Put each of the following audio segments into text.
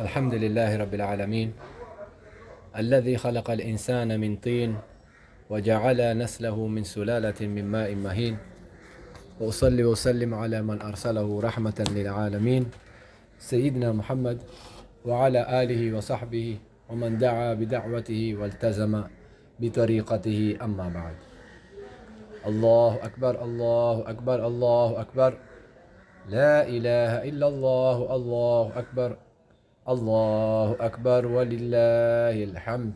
الحمد لله رب العالمين الذي خلق الإنسان من طين وجعل نسله من سلالة من ماء مهين وأصلي وسلم على من أرسله رحمة للعالمين سيدنا محمد وعلى آله وصحبه ومن دعا بدعوته والتزم بطريقته أما بعد الله أكبر الله أكبر الله أكبر لا إله إلا الله الله أكبر Allahu akbar lillahi alhamd.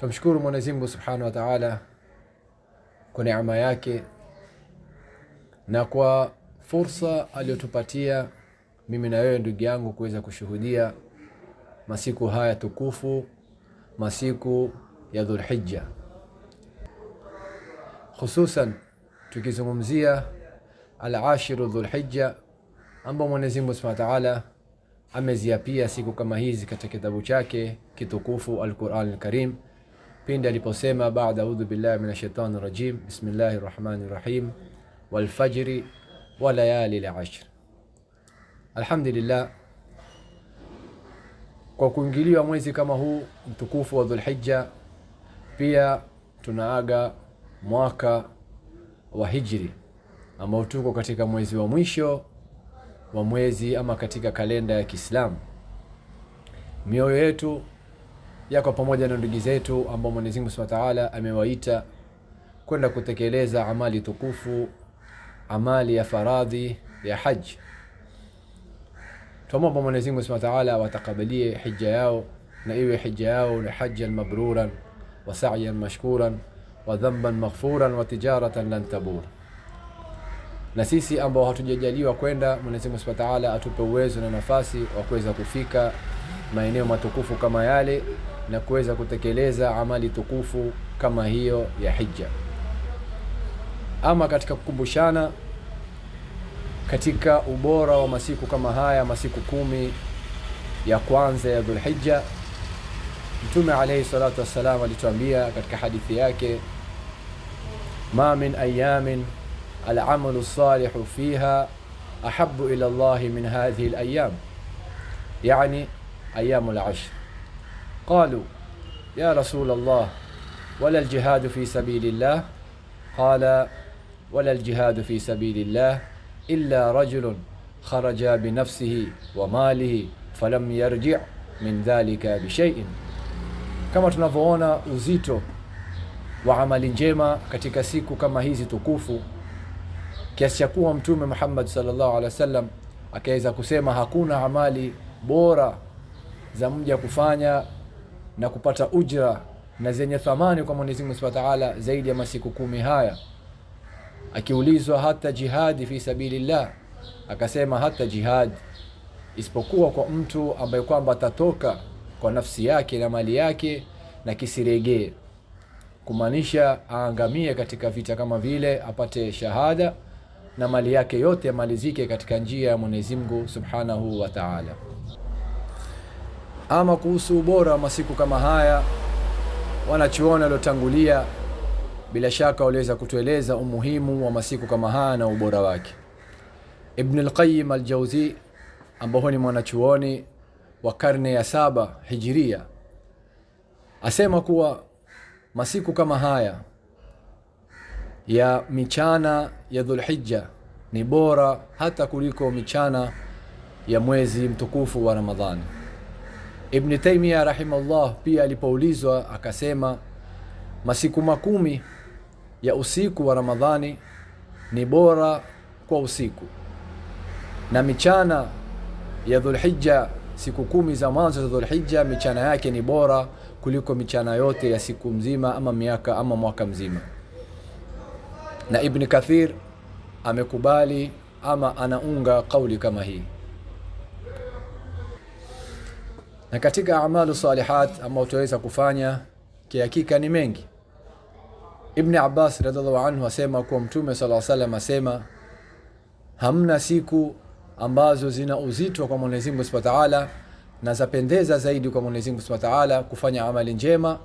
Tumshukuru Mwenyezi Mungu Subhanahu wa Ta'ala kwa neema yake na kwa fursa aliyotupatia mimi na wewe ndugu yangu kuweza kushuhudia masiku haya tukufu, masiku ya Dhulhijja, hususan tukizungumzia al-ashiru Dhulhijja ambao Mwenyezi Mungu Subhanahu wa Ta'ala ameziapia siku kama hizi katika kitabu chake kitukufu Al-Quran Al-Karim pindi aliposema baada audhu billahi minash shaitani rajim bismillahi rahmani rahim walfajri wa layali al-ashr. Alhamdulillah, kwa kuingiliwa mwezi kama huu mtukufu wa Dhulhijja, pia tunaaga mwaka wa Hijri ambao tuko katika mwezi wa mwisho wa mwezi ama katika kalenda ya Kiislamu. Mioyo yetu yako pamoja na ndugu zetu ambao Mwenyezi Mungu Subhanahu wa Ta'ala amewaita kwenda kutekeleza amali tukufu, amali ya faradhi ya haji. Tuomba Mwenyezi Mungu Subhanahu wa Ta'ala watakabalie hija yao na iwe hija yao ni hajjan mabruran wa sa'yan mashkuran wa dhanban maghfuran wa tijaratan lan tabur na sisi ambao hatujajaliwa kwenda, Mwenyezi Mungu Subhanahu wa Ta'ala atupe uwezo na nafasi wa kuweza kufika maeneo matukufu kama yale na kuweza kutekeleza amali tukufu kama hiyo ya hija. Ama katika kukumbushana katika ubora wa masiku kama haya, masiku kumi ya kwanza ya Dhulhijja, Mtume alayhi salatu wassalam alituambia katika hadithi yake ma min ayamin العمل الصالح فيها أحب إلى الله من هذه الأيام يعني أيام العشر قالوا يا رسول الله ولا الجهاد في سبيل الله قال ولا الجهاد في سبيل الله إلا رجل خرج بنفسه وماله فلم يرجع من ذلك بشيء كما tunavyoona uzito وعمل amali njema كما هيزي تكوفو kiasi cha kuwa Mtume Muhammad sallallahu alaihi wasallam akaweza kusema hakuna amali bora za mja kufanya na kupata ujra na zenye thamani kwa Mwenyezi Mungu Subhanahu wa Ta'ala zaidi ya masiku kumi haya. Akiulizwa hata jihadi fi sabilillah, akasema hata jihad, isipokuwa kwa mtu ambaye kwamba atatoka kwa nafsi yake na mali yake na kisiregee, kumaanisha aangamie katika vita kama vile apate shahada na mali yake yote yamalizike katika njia ya Mwenyezi Mungu Subhanahu wa Ta'ala. Ama kuhusu ubora wa masiku kama haya, wanachuoni waliotangulia bila shaka waliweza kutueleza umuhimu wa masiku kama haya na ubora wake. Ibn al-Qayyim al-Jawzi ni mwanachuoni wa karne ya saba Hijiria asema kuwa masiku kama haya ya michana ya Dhulhijja ni bora hata kuliko michana ya mwezi mtukufu wa Ramadhani. Ibn Taimia rahimahullah pia alipoulizwa akasema, masiku makumi ya usiku wa Ramadhani ni bora kwa usiku, na michana ya Dhulhijja, siku kumi za mwanzo za Dhulhijja, michana yake ni bora kuliko michana yote ya siku mzima ama miaka ama mwaka mzima na Ibni Kathir amekubali ama anaunga kauli kama hii. Na katika amalu salihat ambao utaweza kufanya kihakika ni mengi. Ibn Abbas radhiallahu anhu asema kuwa Mtume sallallahu alayhi asema hamna siku ambazo zina uzito kwa Mwenyezi Mungu Subhanahu wa Ta'ala na zapendeza zaidi kwa Mwenyezi Mungu Subhanahu wa Ta'ala kufanya amali njema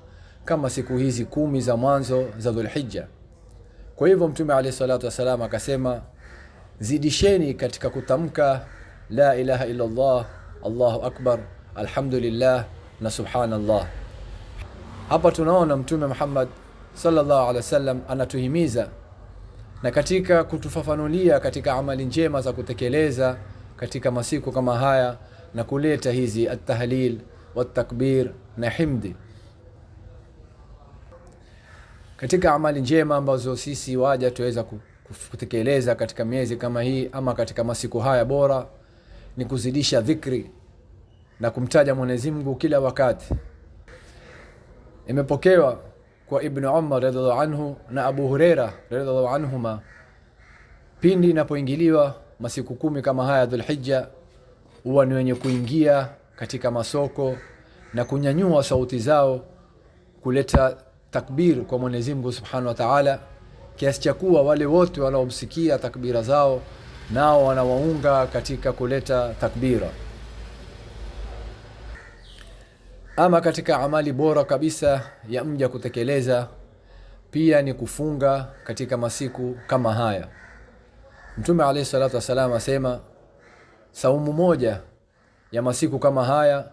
kama siku hizi kumi za mwanzo za Dhulhijja. Kwa hivyo Mtume alayhi salatu wassalam akasema, zidisheni katika kutamka la ilaha illa Allah, Allahu akbar, alhamdulillah na subhanallah. Hapa tunaona Mtume Muhammad sallallahu alaihi wasallam anatuhimiza na katika kutufafanulia katika amali njema za kutekeleza katika masiku kama haya na kuleta hizi atahlil takbir na himdi katika amali njema ambazo sisi waja tuweza kutekeleza katika miezi kama hii ama katika masiku haya bora ni kuzidisha dhikri na kumtaja Mwenyezi Mungu kila wakati. Imepokewa kwa Ibn Umar radhiallahu anhu na Abu Huraira radhiallahu anhuma, pindi inapoingiliwa masiku kumi kama haya Dhulhijja, huwa ni wenye kuingia katika masoko na kunyanyua sauti zao kuleta takbir kwa Mwenyezi Mungu Subhanahu wa Ta'ala, kiasi cha kuwa wale wote wanaomsikia takbira zao nao wanawaunga katika kuleta takbira. Ama katika amali bora kabisa ya mja kutekeleza pia ni kufunga katika masiku kama haya. Mtume alayhi salatu wassalam asema saumu moja ya masiku kama haya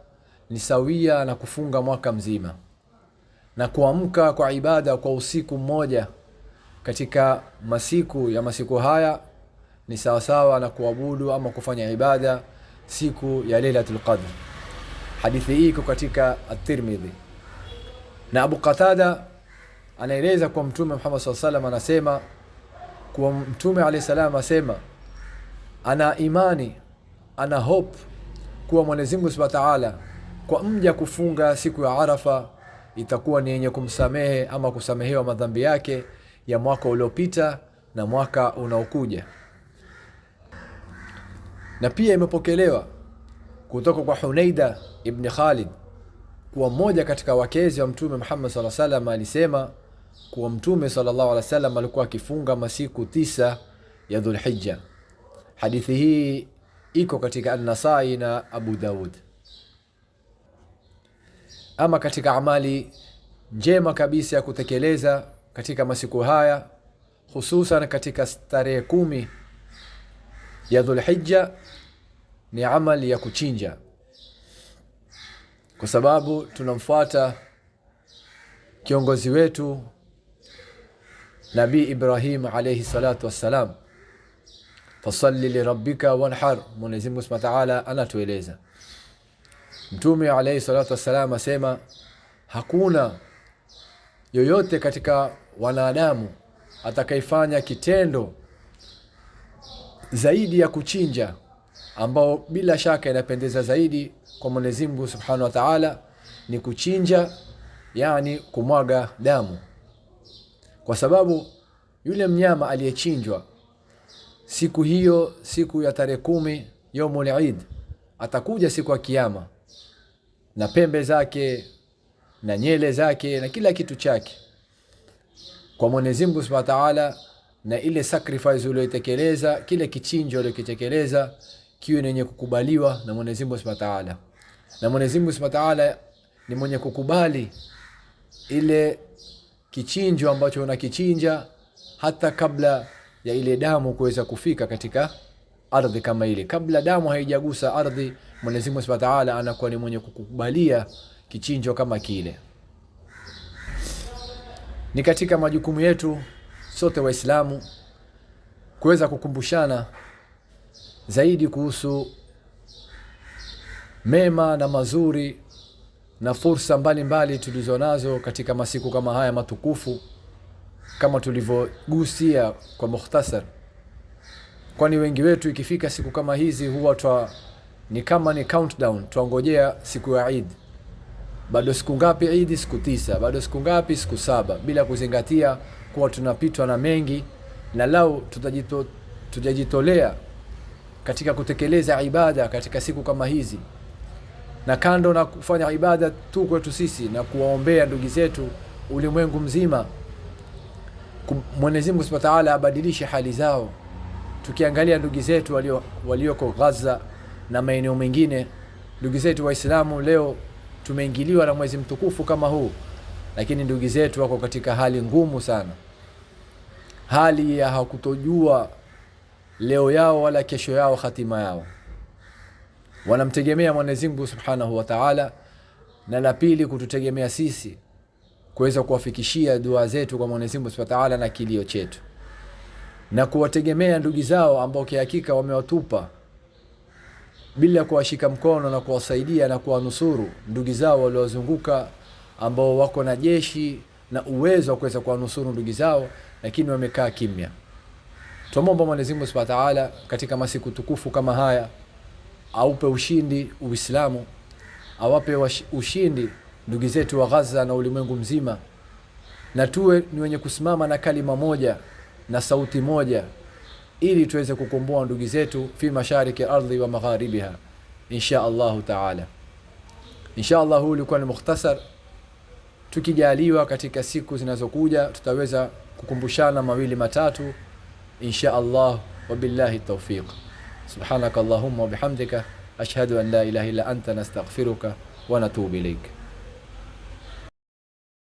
ni sawia na kufunga mwaka mzima na kuamka kwa ibada kwa usiku mmoja katika masiku ya masiku haya ni sawasawa na kuabudu ama kufanya ibada siku ya Lailatul Qadr. Hadithi hii iko katika At-Tirmidhi. Na Abu Qatada anaeleza kwa Mtume Muhammad sallallahu anasema kuwa Mtume alayhi salam asema ana imani ana hope kuwa Mwenyezi Mungu Subhanahu wa Ta'ala kwa mja kufunga siku ya Arafa itakuwa ni yenye kumsamehe ama kusamehewa madhambi yake ya mwaka uliopita na mwaka unaokuja. Na pia imepokelewa kutoka kwa Hunaida ibn Khalid kuwa mmoja katika wakezi wa Mtume Muhammad sallallahu alaihi wasallam alisema kuwa Mtume sallallahu alaihi wasallam alikuwa akifunga masiku tisa ya Dhulhijja. Hadithi hii iko katika An-Nasai na Abu Daud. Ama katika amali njema kabisa ya kutekeleza katika masiku haya hususan katika starehe kumi ya Dhulhijja ni amali ya kuchinja, kwa sababu tunamfuata kiongozi wetu Nabii Ibrahim alayhi salatu wassalam, fasalli lirabbika wanhar. Mwenyezi Mungu Subhanahu wa Ta'ala anatueleza Mtume alayhi salatu wassalam asema hakuna yoyote katika wanadamu atakayefanya kitendo zaidi ya kuchinja, ambao bila shaka inapendeza zaidi kwa Mwenyezi Mungu Subhanahu wa Ta'ala, ni kuchinja, yani kumwaga damu, kwa sababu yule mnyama aliyechinjwa siku hiyo, siku ya tarehe kumi, yaumul Eid, atakuja siku ya Kiyama na pembe zake na nyele zake na kila kitu chake kwa Mwenyezi Mungu Subhanahu wa Ta'ala, na ile sacrifice uliyotekeleza, kile kichinjo uliokitekeleza kiwe ni yenye kukubaliwa na Mwenyezi Mungu Subhanahu wa Ta'ala. Na Mwenyezi Mungu Subhanahu wa Ta'ala ni mwenye kukubali ile kichinjo ambacho unakichinja hata kabla ya ile damu kuweza kufika katika ardhi kama ile. Kabla damu haijagusa ardhi, Mwenyezi Mungu Subhanahu wa Ta'ala anakuwa ni mwenye kukubalia kichinjo kama kile. Ni katika majukumu yetu sote Waislamu kuweza kukumbushana zaidi kuhusu mema na mazuri na fursa mbalimbali tulizonazo katika masiku kama haya matukufu, kama tulivyogusia kwa mukhtasar kwani wengi wetu ikifika siku kama hizi huwa twa ni kama ni countdown, twangojea siku ya Eid. Bado siku ngapi Eid? Siku tisa. Bado siku ngapi? Siku saba, bila kuzingatia kuwa tunapitwa na mengi, na lau tutajito, tutajitolea katika kutekeleza ibada katika siku kama hizi, na kando na kufanya ibada tu kwetu sisi na kuwaombea ndugu zetu ulimwengu mzima, Mwenyezi Mungu Subhanahu wa Ta'ala abadilishe hali zao tukiangalia ndugu zetu walio walioko Gaza na maeneo mengine, ndugu zetu Waislamu leo tumeingiliwa na mwezi mtukufu kama huu, lakini ndugu zetu wako katika hali ngumu sana, hali ya hakutojua leo yao wala kesho yao, hatima yao. Wanamtegemea Mwenyezi Mungu Subhanahu wa Ta'ala, na la pili kututegemea sisi kuweza kuwafikishia dua zetu kwa Mwenyezi Mungu Subhanahu wa Ta'ala na kilio chetu na kuwategemea ndugu zao ambao kihakika wamewatupa bila kuwashika mkono na kuwasaidia na kuwanusuru ndugu zao waliowazunguka ambao wako na jeshi na uwezo wa kuweza kuwanusuru ndugu zao, lakini wamekaa kimya. Tuombe Mwenyezi Mungu Subhanahu wa Ta'ala, katika masiku tukufu kama haya aupe ushindi Uislamu, awape ushindi ndugu zetu wa Gaza na ulimwengu mzima, na tuwe ni wenye kusimama na kalima moja na sauti moja, ili tuweze kukomboa ndugu zetu fi mashariki ardhi wa magharibiha insha Allahu taala. Insha Allah, huu ulikuwa ni mukhtasar. Tukijaliwa katika siku zinazokuja tutaweza kukumbushana mawili matatu insha Allah. Wabillahi tawfiq. Subhanaka Allahumma wa bihamdika ashhadu an la ilaha illa anta nastaghfiruka wa natubu ilayk.